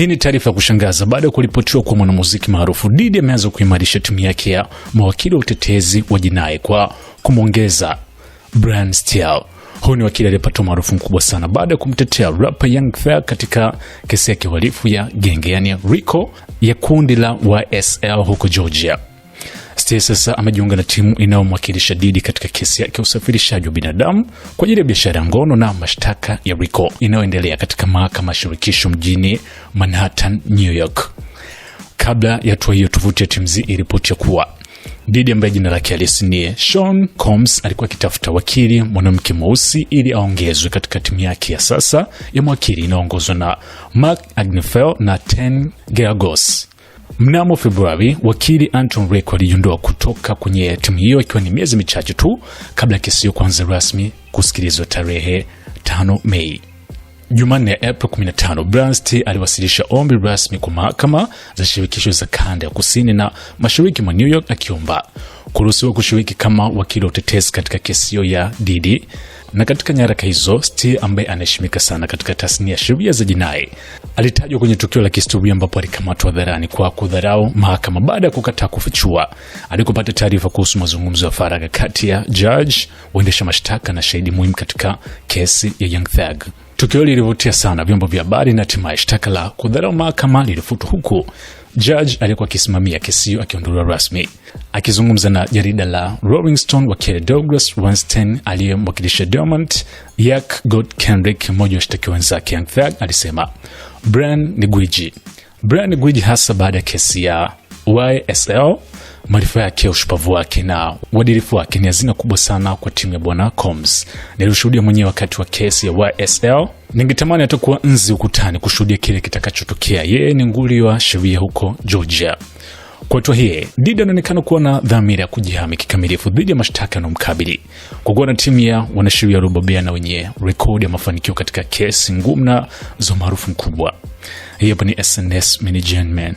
Hii ni taarifa ya kushangaza baada ya kuripotiwa kwa mwanamuziki maarufu Diddy ameanza kuimarisha timu yake ya mawakili wa utetezi wa jinai kwa kumwongeza Brian Steele. Huyu ni wakili aliyepata maarufu mkubwa sana baada ya kumtetea rapper Young Thug katika kesi yake uhalifu ya genge, yani RICO ya kundi la YSL huko Georgia. FCA sasa amejiunga na timu inayomwakilisha Diddy katika kesi yake ya usafirishaji wa binadamu kwa ajili ya biashara ya ngono na mashtaka ya RICO inayoendelea katika mahakama ya shirikisho mjini Manhattan, New York. Kabla ya hatua hiyo, tovuti ya TMZ iliripoti kuwa Diddy ambaye jina lake halisi ni Sean Combs alikuwa akitafuta wakili mwanamke mweusi ili aongezwe katika timu yake ya sasa ya mwakili inayoongozwa na Mark Agnifilo na Ten Geragos. Mnamo Februari, wakili Anton Rico alijiondoa kutoka kwenye timu hiyo ikiwa ni miezi michache tu kabla ya kesi hiyo kuanza rasmi kusikilizwa tarehe 5 Mei. Jumanne ya Aprili 15, brast aliwasilisha ombi rasmi kwa mahakama za shirikisho za kanda ya kusini na mashariki mwa New York akiomba kuruhusiwa kushiriki kama wakili wa utetezi katika kesi hiyo ya Didi. Na katika nyaraka hizo, Steele ambaye anaheshimika sana katika tasnia ya sheria za jinai alitajwa kwenye tukio la kihistoria ambapo alikamatwa hadharani kwa kudharau mahakama baada ya kukataa kufichua alikopata taarifa kuhusu mazungumzo ya faragha kati ya judge, waendesha mashtaka na shahidi muhimu katika kesi ya Young Thug. Tukio lilivutia sana vyombo vya habari na hatimaye shtaka la kudharau mahakama lilifutwa huku jaji aliyekuwa akisimamia kesi hiyo akiondolewa rasmi. Akizungumza na jarida la Rolling Stone, wakili Douglas Weinstein aliyemwakilisha Diamond Yak God Kendrick, mmoja wa washtakiwa wenzake Young Thug, alisema Brian ni gwiji, Brian ni gwiji hasa baada ya kesi ya YSL Maarifa yake, ushupavu wake na uadilifu wake ni hazina kubwa sana kwa timu ya bwana Combs. Nilishuhudia mwenyewe wakati wa kesi ya YSL. Ningetamani hata kuwa nzi ukutani kushuhudia kile kitakachotokea. Yeye ni nguli wa sheria huko Georgia. Kwa hatua hii Dida anaonekana kuwa na dhamira ya kujihami kikamilifu dhidi ya mashtaka yanayomkabili kwa kuwa na timu ya wanasheria waliobobea na wenye rekodi ya mafanikio katika kesi ngumu na za umaarufu mkubwa. Hii hapa ni SNS Management